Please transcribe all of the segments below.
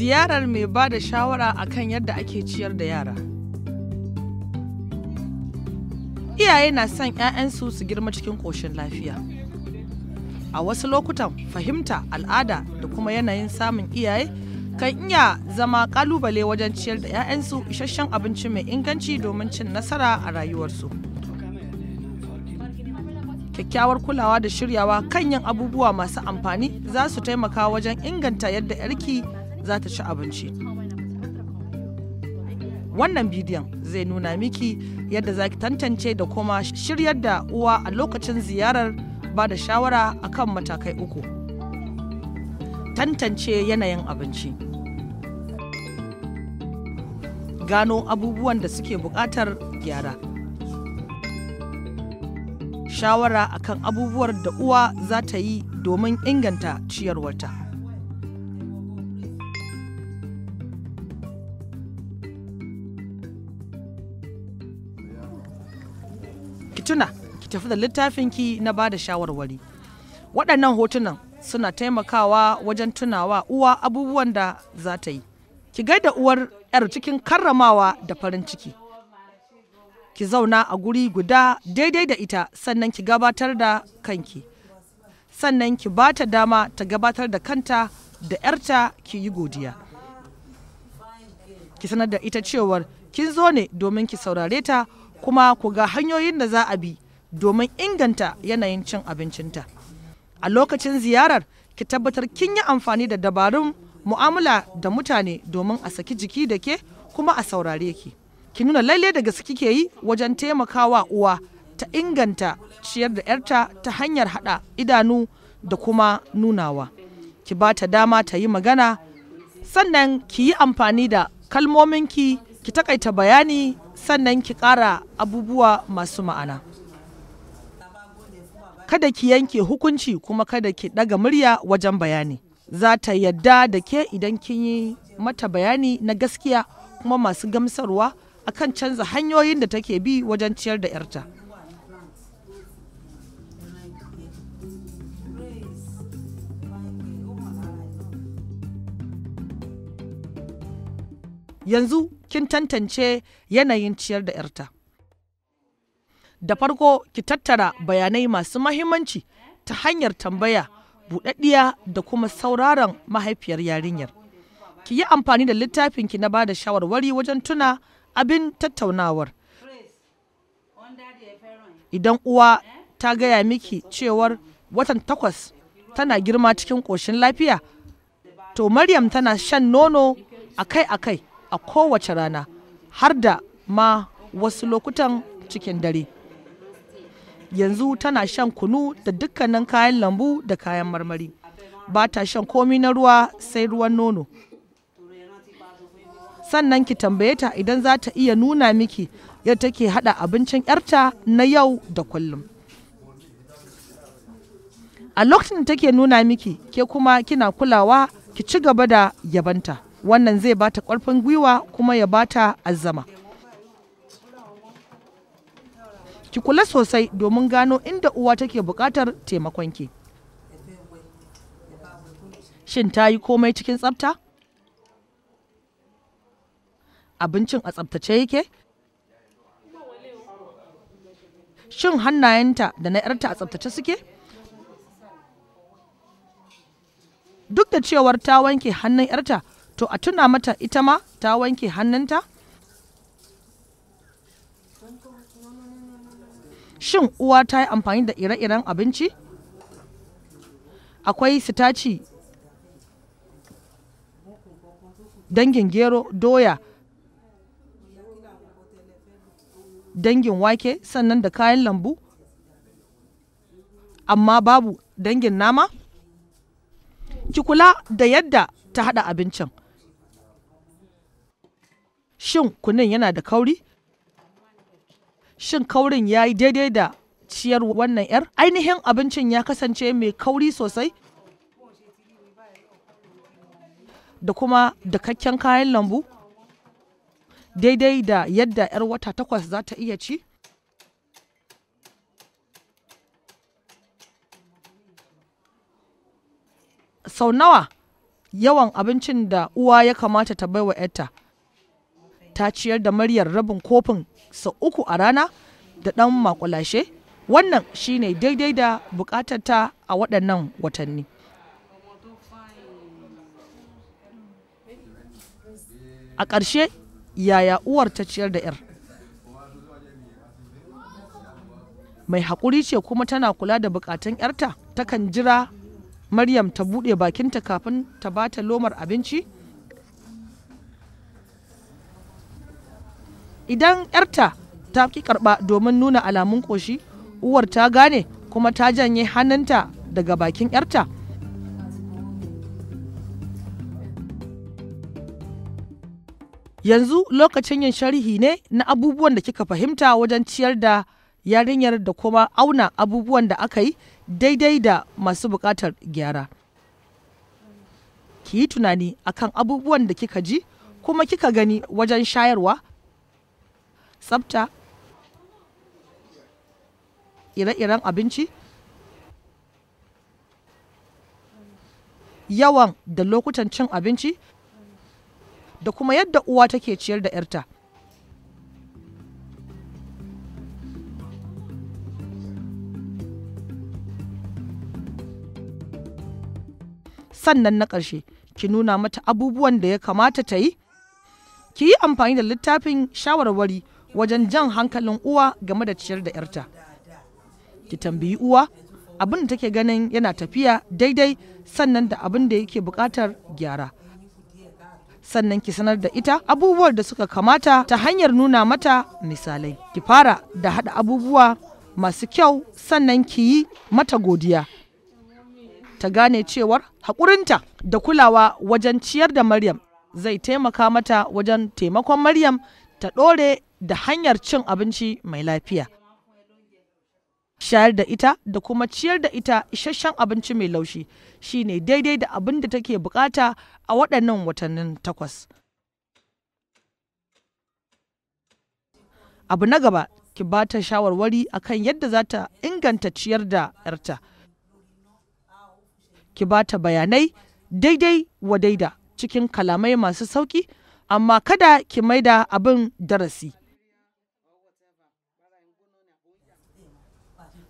ziyarar mai ba da shawara a kan yadda ake ciyar da yara iyaye na son 'ya'yansu su girma cikin ƙoshin lafiya a wasu lokutan fahimta al'ada da kuma yanayin samun iyaye kan iya zama ƙalubale wajen ciyar da 'ya'yansu isasshen abinci mai inganci domin cin nasara a rayuwarsu kyakkyawar kulawa da shiryawa kan yin abubuwa masu amfani za su taimaka wajen inganta yadda 'yarki za ta ci abinci wannan bidiyon zai nuna miki yadda za ki tantance da kuma shiryar da uwa a lokacin ziyarar ba da shawara a kan matakai uku tantance yanayin abinci gano abubuwan da suke buƙatar gyara shawara akan abubuwar da uwa za ta yi domin inganta ciyarwarta hotuna ki tafi da littafin ki na bada shawarwari waɗannan hotunan suna taimakawa wajen tunawa uwa abubuwan da za ta yi ki gaida uwar 'yar cikin karramawa da farin ciki ki zauna a guri guda daidai da ita sannan ki gabatar da kanki sannan ki ba ta dama ta gabatar da kanta da 'yarta ki yi godiya ki sanar da ita cewar kin zo ne domin ki saurare ta kuma ku ga hanyoyin da za a bi domin inganta yanayin cin abincinta a lokacin ziyarar ki tabbatar kin yi amfani da dabarun mu'amala da mutane domin a saki jiki da ke kuma a saurare ki ki nuna lalle daga gaske kike yi wajen taimakawa uwa ta inganta ciyar da 'yarta ta hanyar hada idanu da kuma nunawa ki ba ta dama ta yi magana sannan ki yi amfani da kalmominki ki takaita bayani sannan ki ƙara abubuwa masu ma'ana kada ki yanke hukunci kuma kada ki ɗaga murya wajen bayani za ta yadda da ke idan kin yi mata bayani na gaskiya kuma masu gamsarwa akan canza hanyoyin da take bi wajen ciyar da 'yarta. yanzu kin tantance yanayin ciyar da 'yarta. Da farko ki tattara bayanai masu mahimmanci ta hanyar tambaya buɗaɗɗiya da kuma sauraron mahaifiyar yarinyar. Ki yi amfani da littafinki na ba da shawarwari wajen tuna abin tattaunawar. Idan uwa ta gaya miki cewar watan takwas tana girma cikin ƙoshin lafiya, to Maryam tana shan nono akai-akai. a kowace rana har da ma wasu lokutan cikin dare yanzu tana shan kunu da dukkanin kayan lambu da kayan marmari ba ta shan komi na ruwa sai ruwan nono sannan ki tambaye ta idan za ta iya nuna miki yadda take hada abincin yarta na yau da kullum a lokacin da take nuna miki ke kuma kina kulawa ki ci gaba da yabanta wannan zai bata ƙarfin gwiwa kuma ya bata azama. ki kula sosai domin gano inda uwa take buƙatar taimakonki shin ta yi komai cikin tsafta abincin a tsaftace yake shin hannayenta da na 'yarta a tsaftace suke duk da cewar ta wanke hannun 'yarta to a tuna mata ita ma ta wanke hannunta shin uwa ta yi amfani da ire-iren abinci akwai sitaci dangin gero doya dangin wake sannan da kayan lambu amma babu dangin nama ki kula da yadda ta hada abincin shin kunun yana da kauri shin kaurin ya yi daidai da ciyar wannan 'yar ainihin abincin ya kasance mai kauri sosai da kuma dakakken kayan lambu daidai da yadda 'yar wata takwas za ta iya ci sau nawa yawan abincin da uwa ya kamata ta baiwa 'yarta ta ciyar da maryar rabin kofin sau uku a rana da ɗan makulashe wannan shine daidai da bukatarta a waɗannan watanni a ƙarshe yaya uwar ta ciyar da 'yar mai haƙuri ce kuma tana kula da bukatun 'yarta takan jira maryam ta buɗe bakinta kafin ta bata lomar abinci idan yarta ta ki karba domin nuna alamun koshi uwar ta gane kuma ta janye hannunta daga bakin yarta yanzu lokacin yin sharhi ne na abubuwan da kika fahimta wajen ciyar da yarinyar da kuma auna abubuwan da aka yi daidai da masu buƙatar gyara ki yi tunani akan abubuwan da kika ji kuma kika gani wajen shayarwa tsabta ire-iren abinci yawan da lokutan cin abinci da kuma yadda uwa take ciyar da 'yarta sannan na ƙarshe ki nuna mata abubuwan da ya kamata ta yi ki yi amfani da littafin shawarwari wajen jan hankalin uwa game da ciyar da 'yarta ki tambayi uwa abin da take ganin yana tafiya daidai sannan da abin da yake buƙatar gyara sannan ki sanar da ita abubuwan da suka kamata ta hanyar nuna mata misalai ki fara da haɗa abubuwa masu kyau sannan ki yi mata godiya ta gane cewar haƙurinta da kulawa wajen ciyar da maryam zai taimaka mata wajen taimakon maryam ta ɗore da hanyar cin abinci mai lafiya. Shayar da ita da kuma ciyar da ita isasshen abinci mai laushi shine daidai da abin da take bukata a waɗannan watannin takwas. Abu na gaba ki ba ta shawarwari kan yadda za ta inganta ciyar da 'yarta. Ki ba ta bayanai daidai wa daida cikin kalamai masu sauƙi amma kada ki maida abin darasi.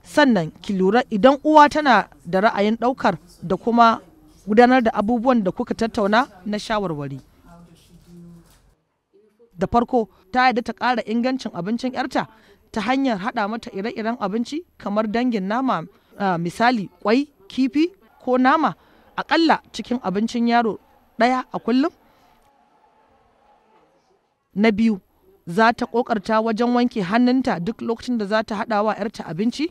Sannan ki lura idan uwa tana da ra'ayin ɗaukar da kuma gudanar da abubuwan da kuka tattauna na shawarwari. Da farko ta yadda ta ƙara ingancin abincin 'yarta ta hanyar haɗa mata ire-iren abinci kamar dangin nama misali kwai, kifi ko nama aƙalla cikin abincin yaro ɗaya a kullum. na biyu za ta kokarta wajen wanke hannunta duk lokacin da za ta haɗa wa 'yarta abinci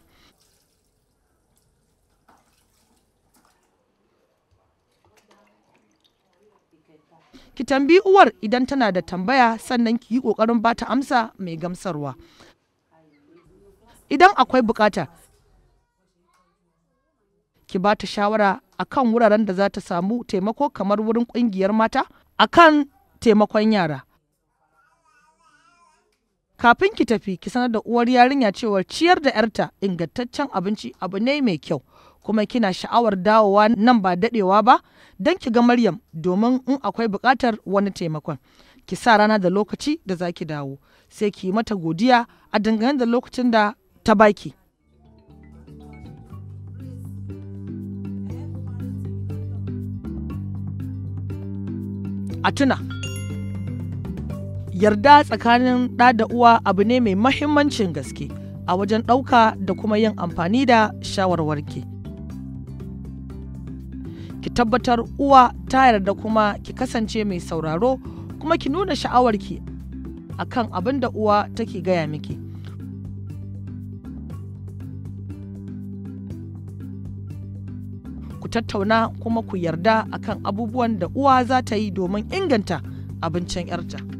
ki tambi uwar idan tana da tambaya sannan ki yi kokarin ba ta amsa mai gamsarwa idan akwai bukata ki ba ta shawara a kan wuraren da za ta samu taimako kamar wurin kungiyar mata a kan taimakon yara kafin ki tafi ki sanar da uwar yarinya cewar ciyar da yarta ingantaccen abinci abu ne mai kyau kuma kina sha'awar dawowa nan ba dadewa ba don ki ga maryam domin in akwai bukatar wani taimakon ki sa rana da lokaci da za ki dawo sai ki mata godiya a dangane da lokacin da ta baki a tuna yarda tsakanin ɗa da uwa abu ne mai mahimmancin gaske a wajen ɗauka da kuma yin amfani da shawarwarki. Ki tabbatar uwa ta yarda kuma ki kasance mai sauraro kuma ki nuna sha'awarki a kan abin da uwa take gaya miki. Ku tattauna kuma ku yarda akan abubuwan da uwa za ta yi domin inganta abincin 'yarta.